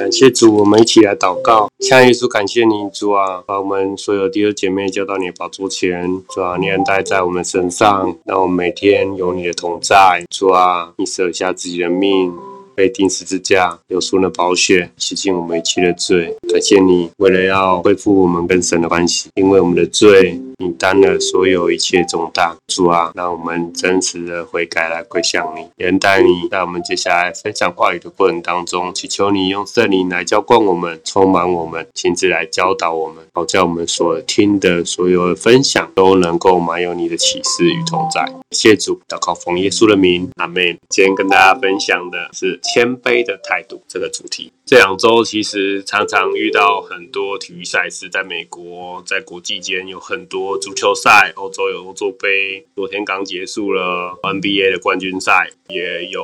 感謝主，我們一起來禱告。親愛的耶穌，感謝你，主啊，把我們所有弟兄姐妹叫到你的寶座前，主啊，你安待在我們身上，讓我們每天有你的同在。主啊，你捨下自己的命，被釘十字架，流出那寶血，洗淨我們一切的罪。感謝你，為了要恢復我們跟神的關係，因為我們的罪。你擔了所有一切重擔，主啊，讓我們真實的悔改來歸向你，連帶你。在我們接下來分享話語的過程當中，祈求你用聖靈來澆灌我們，充滿我們，親自來教導我們，好叫我們所聽的所有的分享都能夠滿有你的啟示與同在。謝主禱告奉耶穌的名，阿們。今天跟大家分享的是謙卑的態度這個主題。這兩周其實常常遇到很多體育賽事，在美國，在國際間有很多足球賽，歐洲有歐洲盃，昨天剛結束了 NBA 的冠軍賽，也有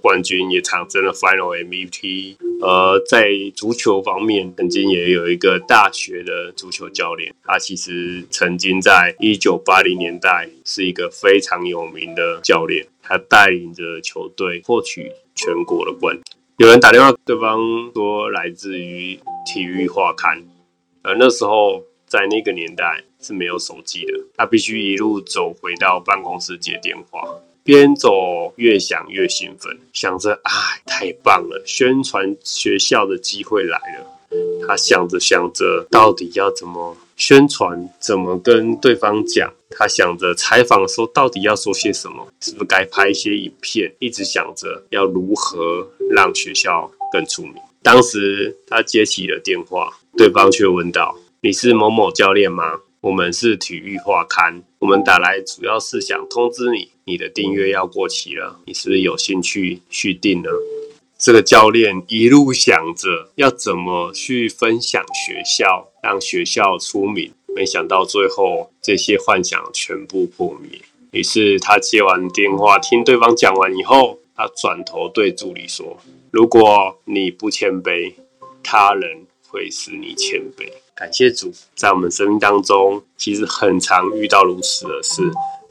冠軍也產生了 Final MVP。呃，在足球方面，曾經也有一個大學的足球教練，他其實曾經在一九八零年代是一個非常有名的教練，他帶領着球隊獲取全國的冠軍。有人打電話，對方說來自於體育畫刊。而那時候在那個年代是沒有手機的，他必須一路走回到辦公室接電話。邊走越想越興奮，想着：哎、啊，太棒了，宣傳學校的機會來了。他想着想着，到底要怎麼宣傳？怎麼跟對方講？他想着採訪的時候到底要說些什麼？是不是該拍一些影片？一直想着要如何讓學校更出名。當時他接起了電話，對方卻問道：“你是某某教練嗎？我們是體育畫刊，我們打來主要是想通知你，你的訂閱要過期了，你是不是有興趣續訂呢？”這個教練一路想着要怎麼去分享學校，讓學校出名，沒想到最後這些幻想全部破滅。於是他接完電話，聽對方講完以後，他轉頭對助理說：“如果你不謙卑，他人會使你謙卑。”感謝主，在我們生命當中，其實很常遇到如此的事。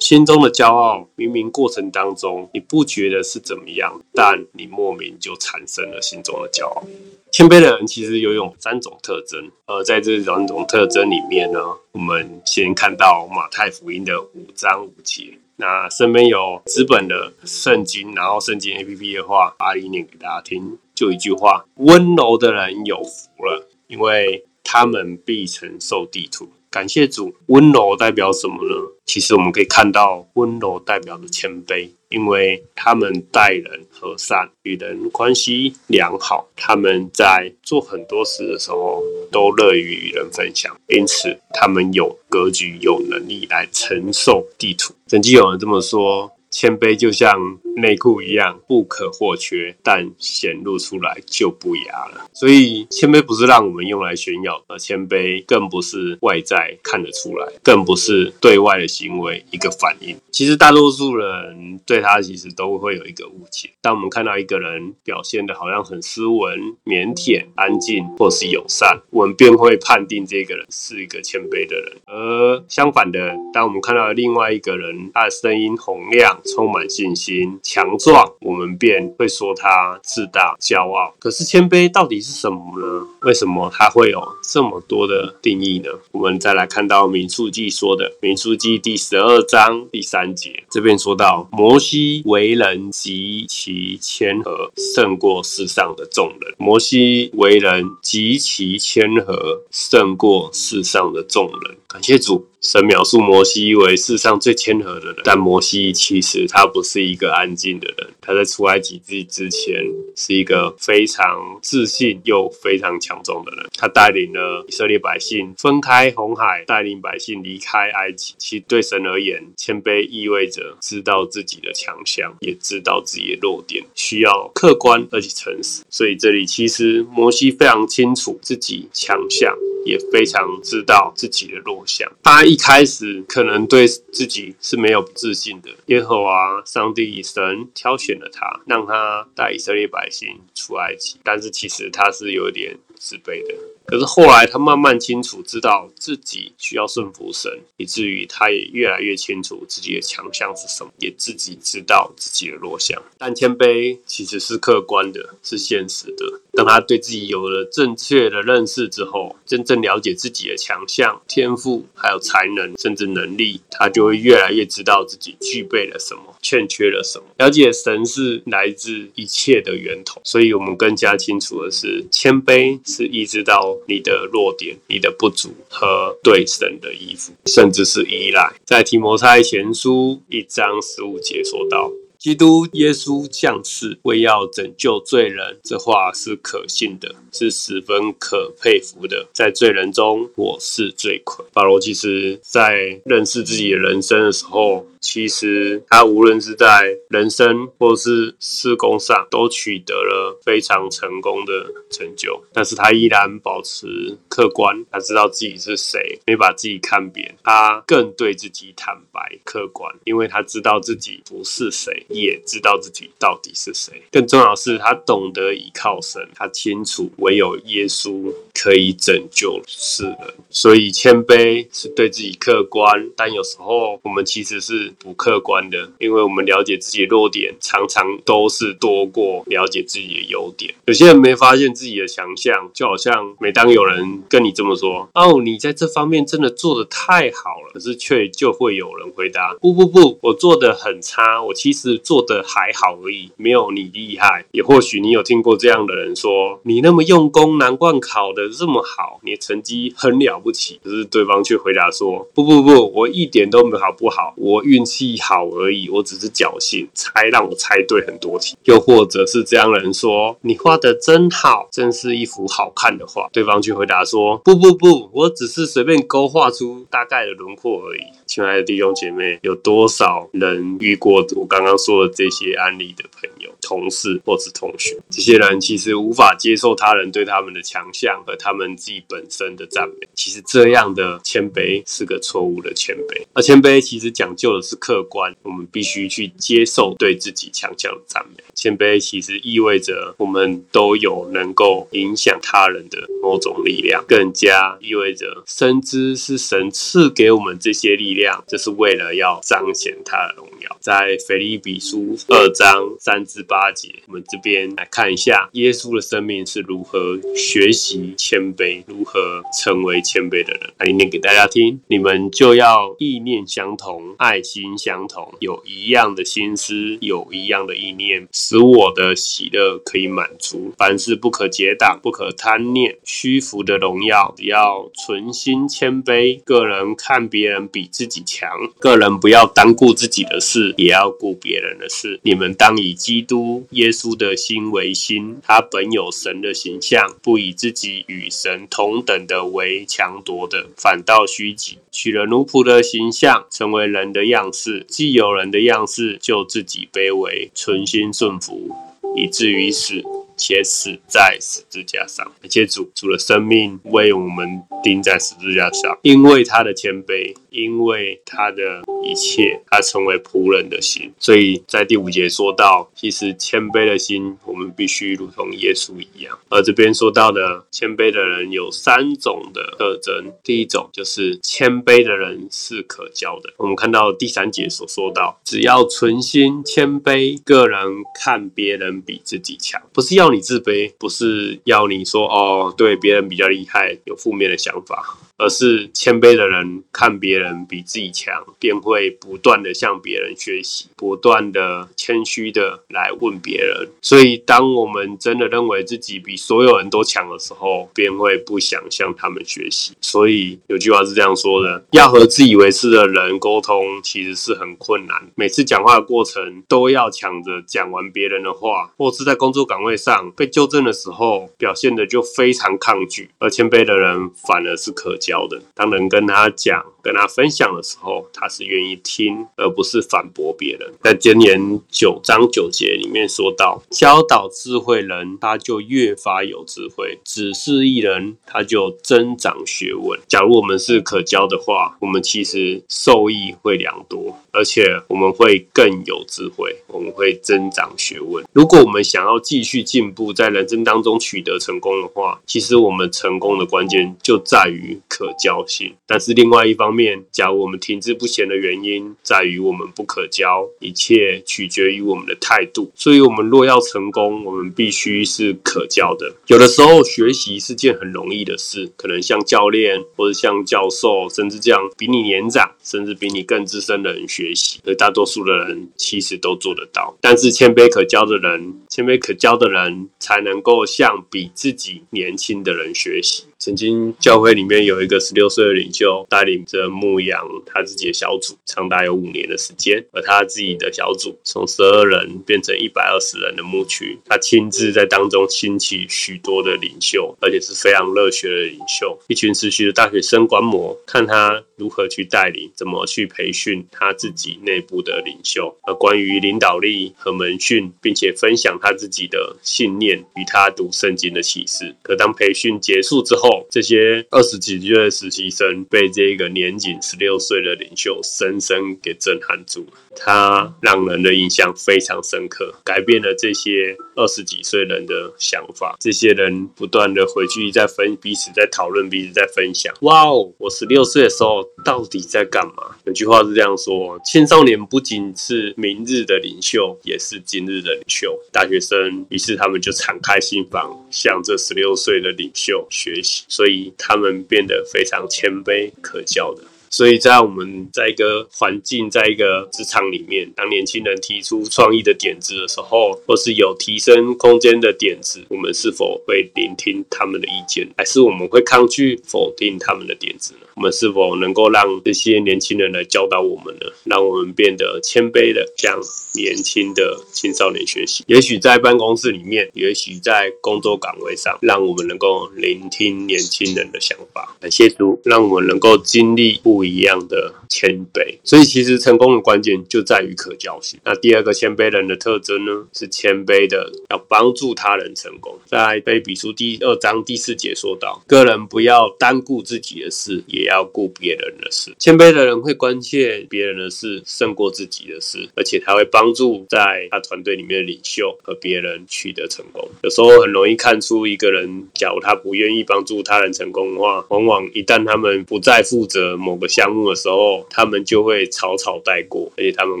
心中的驕傲，明明過程當中你不覺得是怎麼樣，但你莫名就產生了心中的驕傲。謙卑的人其實有，有三種特徵，而、呃、在這三種特徵裡面呢，我們先看到馬太福音的五章五節。那身邊有紙本的聖經，然後聖經 A P P 的話，阿里念給大家聽，就一句話：溫柔的人有福了，因為他們必承受地土。感謝主，溫柔代表什麼呢？其實我們可以看到，溫柔代表著謙卑，因為他們待人和善，與人關係良好。他們在做很多事的時候，都樂於與人分享，因此他們有格局，有能力來承受地土。曾經有人這麼說：謙卑就像，內褲一樣不可或缺，但顯露出來就不雅了。所以謙卑不是讓我們用來炫耀的，而謙卑更不是外在看得出來，更不是對外的行為一個反應。其實大多數人對他其實都會有一個誤解。當我們看到一個人表現得好像很斯文、靦腆、安靜，或是友善，我們便會判定這個人是一個謙卑的人。而相反的，當我們看到另外一個人，他的聲音洪亮，充滿信心。強壯，我們便會說他自大、驕傲。可是謙卑到底是什麼呢？為什麼他會有這麼多的定義呢？我們再來看到《民數記》說的，《民數記》第十二章第三節，這邊說到：摩西為人極其謙和，勝過世上的眾人。摩西為人極其謙和，勝過世上的眾人。感謝主，神描述摩西為世上最謙和的人，但摩西其實他不是一個安靜的人，他在出埃及記之前是一個非常自信又非常強壯的人。他帶領了以色列百姓分開紅海，帶領百姓離開埃及。其實對神而言，謙卑意味着知道自己的強項，也知道自己的弱點，需要客觀而且誠實。所以這裡其實摩西非常清楚自己強項，也非常知道自己的弱點。他一開始可能對自己是沒有自信的，耶和華上帝以神挑選了他，讓他帶以色列百姓出埃及，但是其實他是有點自卑的，可是後來他慢慢清楚知道自己需要順服神，以至於他也越來越清楚自己的強項是什麼，也自己知道自己的弱項。但謙卑其實是客觀的，是現實的。當他對自己有了正確的認識之後，真正了解自己的強項、天賦、還有才能，甚至能力，他就會越來越知道自己具備了什麼，欠缺了什麼。了解神是來自一切的源頭，所以我們更加清楚的是謙卑。是意識到你的弱點、你的不足和對神的依附，甚至是依賴。在提摩太前書一章十五節說到：“基督耶穌降世，為要拯救罪人。”這話是可信的，是十分可佩服的。在罪人中，我是罪魁。保羅其實在認識自己的人生的時候。其實他無論是在人生或是事工上，都取得了非常成功的成就。但是他依然保持客觀，他知道自己是誰，沒把自己看扁。他更對自己坦白客觀，因為他知道自己不是誰，也知道自己到底是誰。更重要的是，他懂得依靠神，他清楚唯有耶穌可以拯救世人。所以謙卑是對自己客觀，但有時候我們其實是。不客觀的，因為我們了解自己的弱點，常常都是多過了解自己的優點。有些人沒發現自己的強項，就好像每當有人跟你這麼說：“哦，你在這方面真的做得太好了。”可是卻就會有人回答：“不不不，我做的很差，我其實做的還好而已，沒有你厲害。”也或許你有聽過這樣的人說：“你那麼用功，難怪考得這麼好，你的成績很了不起。”可是對方卻回答說：“不不不，我一點都沒好不好，我遇。”運氣好而已，我只是僥倖猜，讓我猜對很多題，又或者是這樣的人說，你畫得真好，真是一幅好看的畫’。對方就回答說，不不不，我只是隨便勾畫出大概的輪廓而已。親愛的弟兄姐妹，有多少人遇過我剛剛說的這些案例的朋友？同事或是同學，這些人其實無法接受他人對他們的強項和他們自己本身的讚美。其實這樣的謙卑是個錯誤的謙卑，而謙卑其實講究的是客觀，我們必須去接受對自己強項的讚美。謙卑其實意味着我們都有能夠影響他人的某種力量，更加意味着深知是神賜給我們這些力量，這，就是為了要彰顯他的榮耀。在腓立比書二章三至八。八節，我們這邊來看一下耶穌的生命是如何學習謙卑，如何成為謙卑的人。來念給大家聽，你們就要意念相同，愛心相同，有一樣的心思，有一樣的意念，使我的喜樂可以滿足。凡事不可結黨，不可貪念虛浮的榮耀，只要存心謙卑。個人看別人比自己強，個人不要單顧自己的事，也要顧別人的事。你們當以基督耶穌的心為心，他本有神的形象，不以自己與神同等的為強奪的，反倒虛己，取了奴僕的形象，成為人的樣式。既有人的樣式，就自己卑微，存心順服，以至於死。且死在十字架上，而且主主的生命為我們釘在十字架上，因為他的謙卑，因為他的一切，他成為僕人的心。所以在第五節說到，其實謙卑的心，我們必須如同耶穌一樣。而這邊說到的謙卑的人有三種的特徵，第一種就是謙卑的人是可教的。我們看到第三節所說到，只要存心謙卑，各人看別人比自己強，不是要。你自卑不是要你說哦，對別人比較厲害有負面的想法。而是謙卑的人看別人比自己強，便會不斷的向別人學習，不斷的謙虛的來問別人。所以，當我們真的認為自己比所有人都強的時候，便會不想向他們學習。所以，有句話是這樣說的：要和自以為是的人溝通，其實是很困難。每次講話的過程都要搶着講完別人的話，或是在工作崗位上被糾正的時候，表現的就非常抗拒。而謙卑的人反而是可。教的，當然跟他講。跟他分享的時候，他是願意聽，而不是反駁別人。在箴言九章九節裡面說到，教導智慧人，他就越發有智慧；指示義人，他就增長學問。假如我們是可教的話，我們其實受益會良多，而且我們會更有智慧，我們會增長學問。如果我們想要繼續進步，在人生當中取得成功的話，其實我們成功的關鍵就在於可教性。但是另外一方面，面，假如我們停滯不前的原因在於我們不可教，一切取決於我們的態度。所以我們若要成功，我們必須是可教的。有的時候學習是件很容易的事，可能像教練或者像教授，甚至這樣比你年長，甚至比你更資深的人學習，而大多數的人其實都做得到。但是謙卑可教的人，謙卑可教的人才能夠向比自己年輕的人學習。曾經教會裡面有一個十六歲的領袖帶領着牧養他自己的小組，長達有五年的時間，而他自己的小組從十二人變成一百二十人的牧區，他親自在當中興起許多的領袖，而且是非常熱血的領袖。一群持續的大學生觀摩看他如何去帶領，怎麼去培訓他自己內部的領袖，而關於領導力和門訓，並且分享他自己的信念與他讀聖經的啟示。可當培訓結束之後，這些二十幾歲的實習生被這個年僅十六歲的領袖深深給震撼住了，他讓人的印象非常深刻，改變了這些二十幾歲人的想法。這些人不斷的回去在分彼此，在討論，彼此在分享。哇哦，我十六歲的時候到底在幹嘛？有句話是這樣說：青少年不僅是明日的領袖，也是今日的領袖。大學生，於是他們就敞開心房。向這十六歲的領袖學習，所以他們變得非常謙卑可教的。所以在我們在一個環境，在一個職場裡面，當年輕人提出創意的點子的時候，或是有提升空間的點子，我們是否會聆聽他們的意見，還是我們會抗拒否定他們的點子呢？我們是否能夠讓這些年輕人來教導我們呢？讓我們變得謙卑地向年輕的青少年學習。也許在辦公室裡面，也許在工作崗位上，讓我們能夠聆聽年輕人的想法。感謝主，讓我們能夠經歷不一樣的謙卑。所以，其實成功的關鍵就在於可教性。那第二個謙卑人的特徵呢，是謙卑的要幫助他人成功。在《腓立比書》第二章第四節說到，各人不要單顧自己的事，也要顧別人的事，謙卑的人會關切別人的事勝過自己的事，而且他會幫助在他團隊裡面的領袖和別人取得成功。有時候很容易看出一個人，假如他不願意幫助他人成功的話，往往一旦他們不再負責某個項目的時候，他們就會草草帶過，而且他們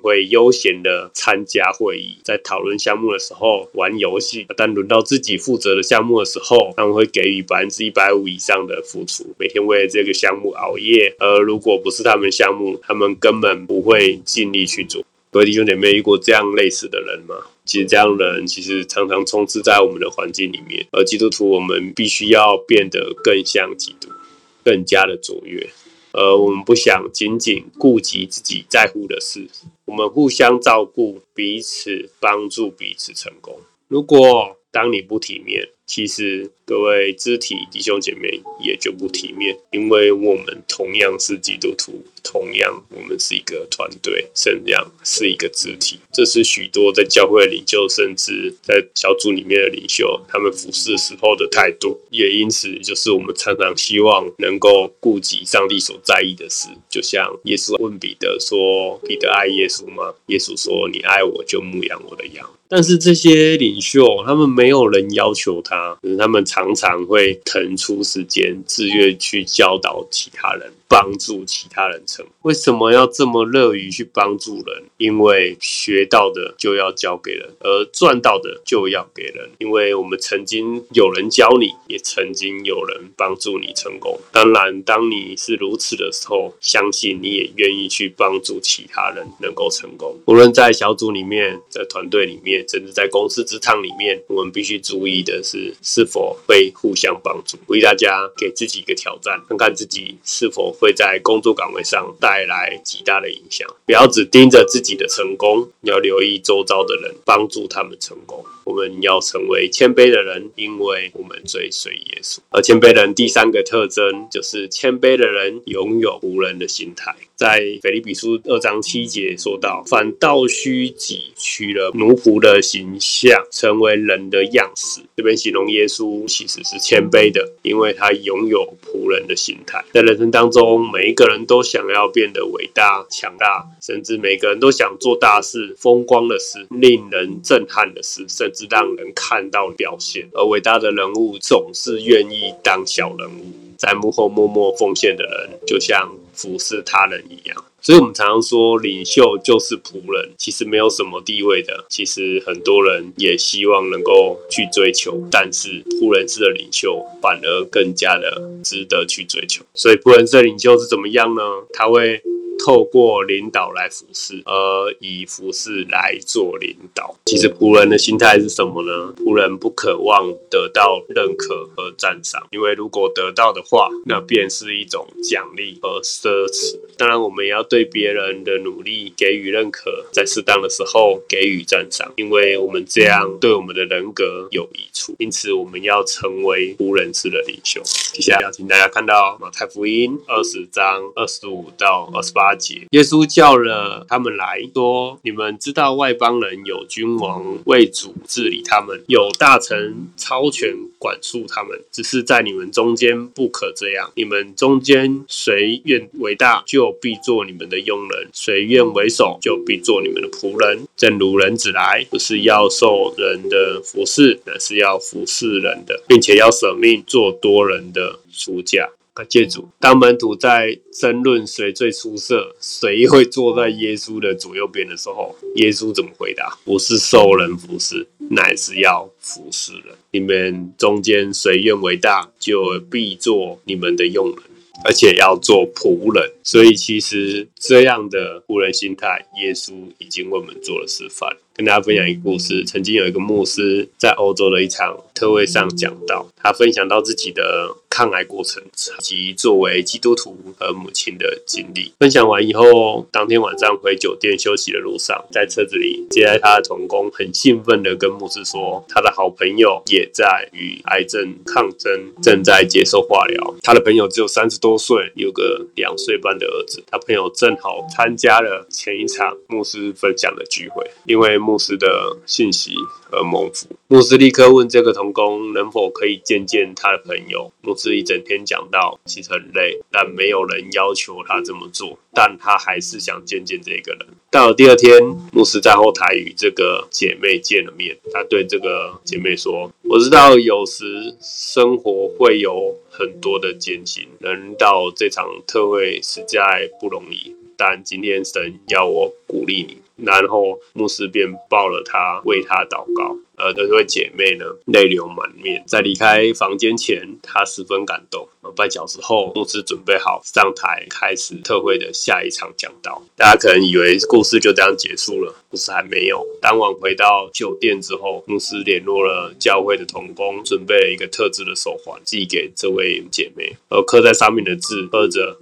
會悠閒的參加會議，在討論項目的時候玩遊戲。但輪到自己負責的項目的時候，他們會給予百分之一百五以上的付出，每天為了這個項目熬夜。而如果不是他們項目，他們根本不會盡力去做。各位弟兄姐妹，遇過這樣類似的人嗎？其實這樣的人其實常常充斥在我們的環境裡面。而基督徒，我們必須要變得更像基督，更加的卓越。而我們不想僅僅顧及自己在乎的事，我們互相照顧，彼此幫助，彼此成功。如果當你不體面，其實，各位肢體弟兄姐妹也就不體面，因為我們同樣是基督徒，同樣我們是一個團隊，甚至是一個肢體。這是許多在教會領袖，甚至在小組裡面的領袖，他們服侍時候的態度，也因此就是我們常常希望能夠顧及上帝所在意的事。就像耶穌問彼得說：“彼得愛耶穌嗎？”耶穌說：“你愛我，就牧養我的羊。”但是這些領袖，他們沒有人要求他。啊，可是他們常常會騰出時間，自願去教導其他人。幫助其他人成，為什麼要這麼樂於去幫助人？因為學到的就要教給人，而賺到的就要給人。因為我們曾經有人教你，也曾經有人幫助你成功。當然，當你是如此的時候，相信你也願意去幫助其他人能夠成功。無論在小組裡面、在團隊裡面，甚至在公司職場裡面，我們必須注意的是是否會互相幫助。為大家給自己一個挑戰，看看自己是否。會在工作崗位上帶來極大的影響。不要只盯着自己的成功，要留意周遭的人，幫助他們成功。我們要成為謙卑的人，因為我們追隨耶穌。而謙卑的人第三個特徵就是，謙卑的人擁有僕人的心態。在腓立比書二章七節說到：“反倒虛己，取了奴僕的形象，成為人的樣式。”這邊形容耶穌其實是謙卑的，因為他擁有僕人的心態。在人生當中，每一個人都想要變得偉大、強大，甚至每個人都想做大事、風光的事、令人震撼的事，甚至。是讓人看到表現，而偉大的人物總是願意當小人物，在幕後默默奉獻的人，就像服侍他人一樣。所以我們常常說，領袖就是僕人，其實沒有什麼地位的。其實很多人也希望能夠去追求，但是僕人式的領袖反而更加的值得去追求。所以僕人式的領袖是怎麼樣呢？他會。透過領導來服侍，而以服侍來做領導。其實僕人的心態是什麼呢？僕人不渴望得到認可和讚賞，因為如果得到的話，那便是一種獎勵和奢侈。當然，我們也要對別人的努力給予認可，在適當的時候給予讚賞，因為我們這樣對我們的人格有益處。因此，我們要成為僕人式的領袖。接下來，請大家看到馬太福音二十章二十五到二十八。阿杰，耶穌叫了他們來說：“你們知道外邦人有君王為主治理他們，有大臣操權管束他們。只是在你們中間不可這樣。你們中間誰願為大，就必做你們的傭人；誰願為首，就必做你們的僕人。正如人子來，不是要受人的服事，乃是要服事人的，並且要捨命做多人的贖價。啊、記住，當門徒在爭論誰最出色，誰會坐在耶穌的左右邊的時候，耶穌怎麼回答？不是受人服侍，乃是要服侍人。你們中間誰願為大，就必做你們的用人，而且要做僕人。所以其實。這樣的僕人心態，耶穌已經為我們做了示範。跟大家分享一個故事：曾經有一個牧師在歐洲的一場特會上講到，他分享到自己的抗癌過程以及作為基督徒和母親的經歷。分享完以後，當天晚上回酒店休息的路上，在車子裡接待他的同工很興奮地跟牧師說，他的好朋友也在與癌症抗爭，正在接受化療。他的朋友只有三十多歲，有個兩歲半的兒子。他朋友正好，參加了前一場牧師分享的聚會，因為牧師的信息而蒙福。牧師立刻問這個同工能否可以見見他的朋友。牧師一整天講到，其實很累，但沒有人要求他這麼做，但他還是想見見這個人。到了第二天，牧師在後台與這個姐妹見了面，他對這個姐妹說：“我知道有時生活會有很多的艱辛，能到這場特會實在不容易。”但今天神要我鼓勵你，然後牧師便抱了她，為她禱告。而這位姐妹呢，淚流滿面。在離開房間前，她十分感動。而半小時後，牧師準備好上台，開始特會的下一場講道。大家可能以為故事就這樣結束了，不是，還沒有。當晚回到酒店之後，牧師聯絡了教會的同工，準備了一個特制的手環，寄給這位姐妹。而刻在上面的字刻着。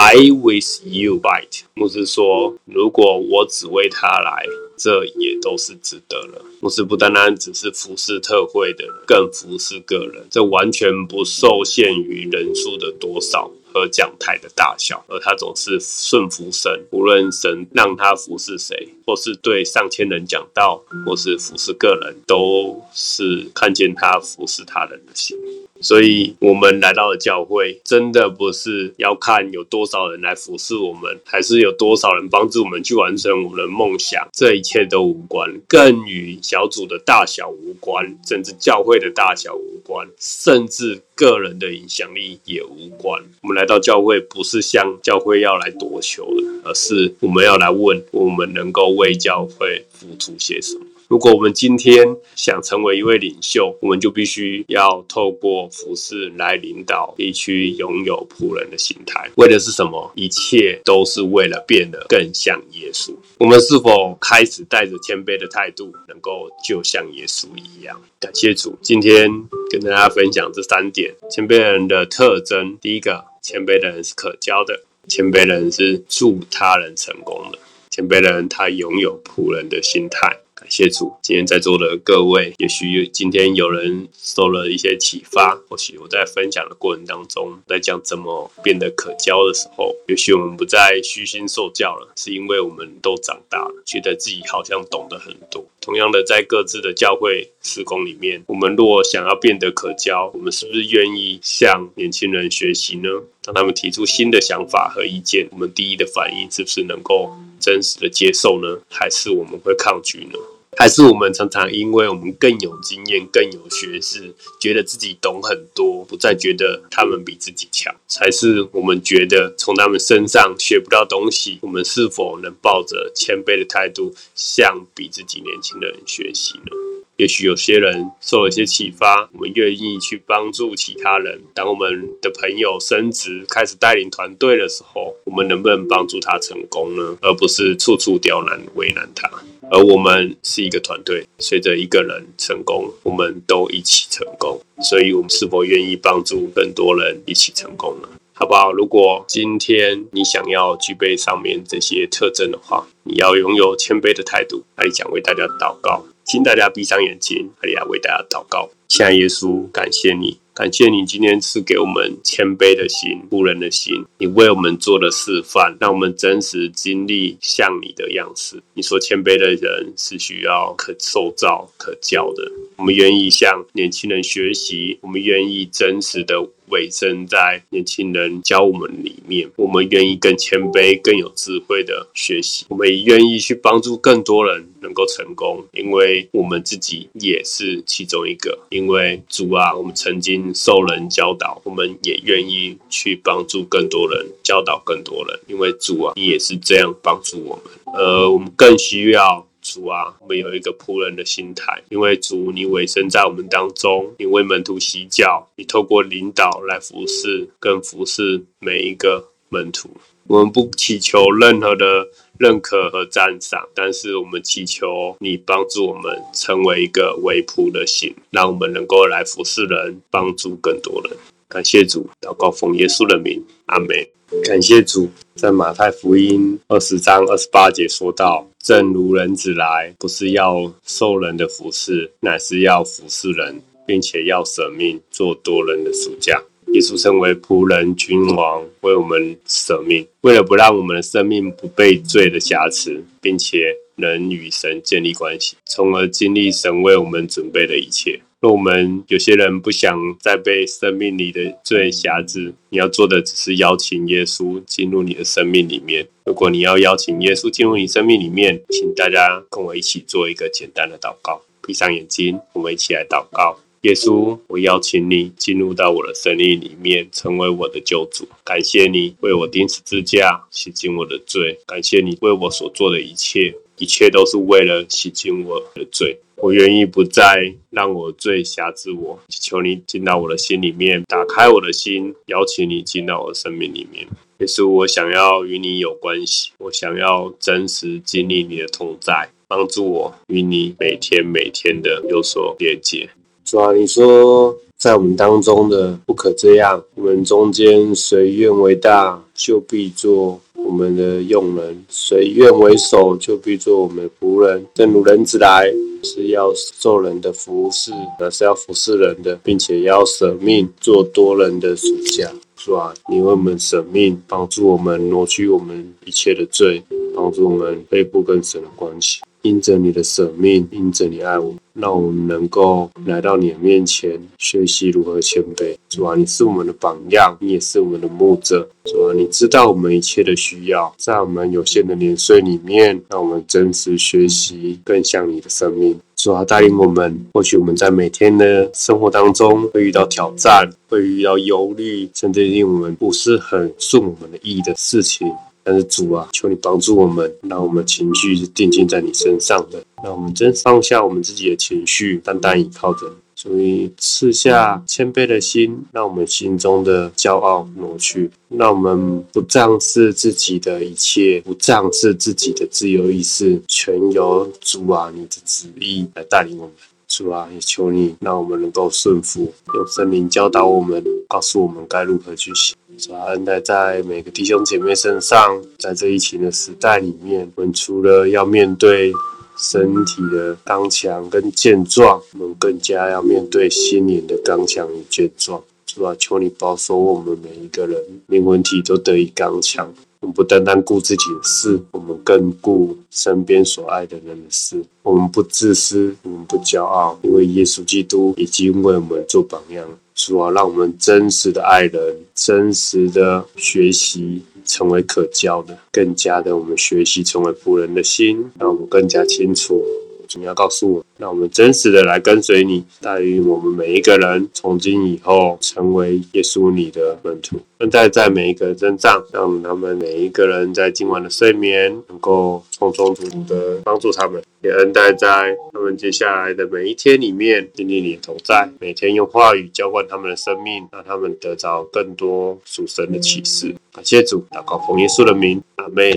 I wish you bite，right？牧師說：“如果我只為他來，這也都是值得了。”牧師不單單只是服侍特會的人，更服侍個人。這完全不受限於人數的多少和講台的大小，而他總是順服神，無論神讓他服侍誰。或是對上千人講道，或是服侍個人，都是看見他服侍他人的心。所以，我們來到了教會，真的不是要看有多少人來服侍我們，還是有多少人幫助我們去完成我們的夢想。這一切都無關，更與小組的大小無關，甚至教會的大小無關，甚至個人的影響力也無關。我們來到教會，不是向教會要來奪求的，而是我們要來問，我們能夠。為教會付出些什麼？如果我們今天想成為一位領袖，我們就必須要透過服侍來領導，必須擁有僕人的心態。為的是什麼？一切都是為了變得更像耶穌。我們是否開始帶着謙卑的態度，能夠就像耶穌一樣？感謝主，今天跟大家分享這三點謙卑人的特徵：第一個，謙卑的人是可教的；謙卑的人是助他人成功的。謙卑的人，他擁有僕人的心態。感謝主，今天在座的各位，也許有今天有人受了一些啟發，或許我在分享的過程當中，在講怎麼變得可教的時候，也許我們不再虛心受教了，是因為我們都長大了，覺得自己好像懂得很多。同樣的，在各自的教會事工裡面，我們若想要變得可教，我們是不是願意向年輕人學習呢？當他們提出新的想法和意見，我們第一的反應是不是能夠真實的接受呢？還是我們會抗拒呢？還是我們常常因為我們更有經驗、更有學識，覺得自己懂很多，不再覺得他們比自己強，還是我們覺得從他們身上學不到東西。我們是否能抱着謙卑的態度向比自己年輕的人學習呢？也許有些人受了一些啟發，我們願意去幫助其他人。當我們的朋友升職，開始帶領團隊的時候，我們能不能幫助他成功呢？而不是處處刁難、為難他。而我們是一個團隊，隨着一個人成功，我們都一起成功。所以，我們是否願意幫助更多人一起成功呢？好不好？如果今天你想要具備上面這些特徵的話，你要擁有謙卑的態度。阿里想為大家禱告，請大家閉上眼睛，阿里來為大家禱告。向耶穌感謝你，感謝你今天賜給我們謙卑的心、僕人的心。你為我們做的示範，讓我們真實經歷像你的樣式。你說謙卑的人是需要可塑造、可教的。我們願意向年輕人學習，我們願意真實的委身在年輕人教我們裡面。我們願意更謙卑、更有智慧的學習。我們也願意去幫助更多人能夠成功，因為我們自己也是其中一個。因為主啊，我們曾經受人教導，我們也願意去幫助更多人，教導更多人。因為主啊，你也是這樣幫助我們。呃，我們更需要主啊，我們有一個僕人的心態。因為主，你委身在我們當中，你為門徒洗腳，你透過領導來服侍更服侍每一個門徒。我們不祈求任何的。認可和讚賞，但是我們祈求你幫助我們成為一個為僕的心，讓我們能夠來服侍人，幫助更多人。感謝主，禱告奉耶穌的名，阿門。感謝主，在馬太福音二十章二十八節說道：「正如人子來，不是要受人的服侍，乃是要服侍人，並且要舍命，做多人的贖價。」耶穌身為僕人君王，為我們捨命，為了不讓我們的生命不被罪的挾持，並且能與神建立關係，從而經歷神為我們準備的一切。若我們有些人不想再被生命裡的罪挾制，你要做的只是邀請耶穌進入你的生命裡面。如果你要邀請耶穌進入你生命裡面，請大家跟我一起做一個簡單的禱告。閉上眼睛，我們一起來禱告。耶穌，我邀請你進入到我的生命裡面，成為我的救主。感謝你為我釘十字架，洗淨我的罪。感謝你為我所做的一切，一切都是為了洗淨我的罪。我願意不再讓我的罪轄制我。祈求你進到我的心裡面，打開我的心，邀請你進到我的生命裡面。耶穌，我想要與你有關係，我想要真實經歷你的同在，幫助我與你每天每天的有所連接。主啊，你說，在我們當中的不可這樣，我們中間誰願為大，就必做我們的用人；誰願為首，就必做我們的僕人。正如人子來，是要受人的服侍，而是要服侍人的，並且要捨命做多人的贖價。主啊，你為我們捨命，幫助我們挪去我們一切的罪，幫助我們被不跟神的關係。因着你的生命，因着你愛我，讓我們能夠來到你的面前，學習如何謙卑。主啊，你是我們的榜樣，你也是我們的牧者。主啊，你知道我們一切的需要，在我們有限的年歲裡面，讓我們真實學習更像你的生命。主啊，帶領我們，或許我們在每天的生活當中會遇到挑戰，會遇到憂慮，甚至令我們不是很順我們的意的事情。但是主啊，求你幫助我們，讓我們情緒是定睛在你身上的，讓我們真放下我們自己的情緒，單單依靠着。所以賜下謙卑的心，讓我們心中的驕傲挪去，讓我們不仗勢自己的一切，不仗勢自己的自由意志，全由主啊你的旨意來帶領我們。主啊，也求你，讓我們能夠順服，用聖靈教導我們，告訴我們該如何去行。主要恩待在每個弟兄姐妹身上，在這疫情的時代裡面，我們除了要面對身體的剛強跟健壯，我們更加要面對心靈的剛強與健壯，是吧？求你保守我們每一個人，靈魂體都得以剛強。我們不單單顧自己的事，我們更顧身邊所愛的人的事。我們不自私，我們不驕傲，因為耶穌基督已經為我們做榜樣了，說讓我們真實的愛人，真實的學習，成為可教的，更加的我們學習成為僕人的心，讓我們更加清楚。請要告訴我，讓我們真實的來跟隨你，帶領我們每一個人從今以後成為耶穌你的門徒。恩待在每一個身上，讓他們每一個人在今晚的睡眠能夠充充足足的幫助他們，也恩待在他們接下來的每一天裡面，堅定你的同在，每天用話語澆灌他們的生命，讓他們得着更多屬神的啟示。感謝主，禱告，奉耶穌的名，阿門。